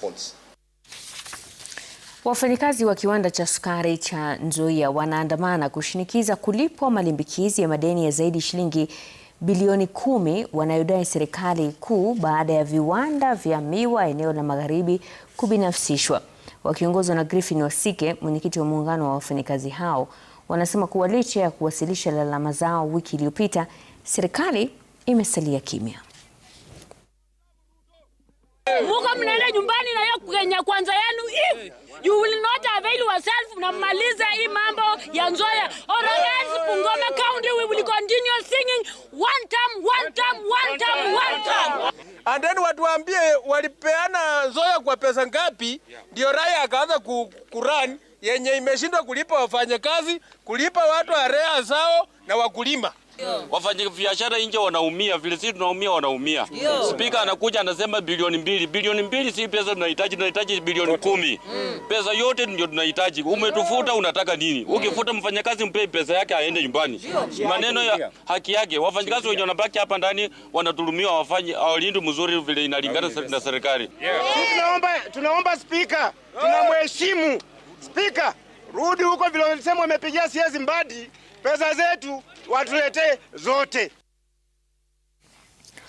faults. Wafanyakazi wa kiwanda cha sukari cha Nzoia wanaandamana kushinikiza kulipwa malimbikizi ya madeni ya zaidi shilingi bilioni kumi wanayodai serikali kuu baada ya viwanda vya miwa eneo la magharibi kubinafsishwa. Wakiongozwa na Griffin Wasike, mwenyekiti wa muungano wa wafanyakazi hao, wanasema kuwa licha ya kuwasilisha lalama zao wiki iliyopita, serikali imesalia kimya. Muko mnaenda nyumbani na hiyo Kenya kwanza yenu if you will not avail yourself mnamaliza hii mambo ya Nzoia or else Bungoma County we will continue singing one time one time one time one time and then watuambie walipeana Nzoia kwa pesa ngapi ndio Raia akaanza kurani yenye imeshindwa kulipa wafanyakazi, kulipa watu area zao na wakulima. Wafanyabiashara nje wanaumia vile sisi tunaumia, wanaumia. Spika anakuja anasema bilioni mbili. Bilioni mbili si pesa tunahitaji, tunahitaji bilioni kumi. Mm. Pesa yote ndio tunahitaji. Umetufuta, unataka nini? Mm. Ukifuta mfanyakazi mpe pesa yake aende nyumbani. Maneno ya haki yake. Wafanyakazi wenye wanabaki hapa ndani wanatulumiwa, wafanye awalindi mzuri vile inalingana na serikali. Tunaomba, tunaomba spika, oh. tunamheshimu spika, rudi huko vile ulisema umepigia siezi Mbadi pesa zetu watuletee zote.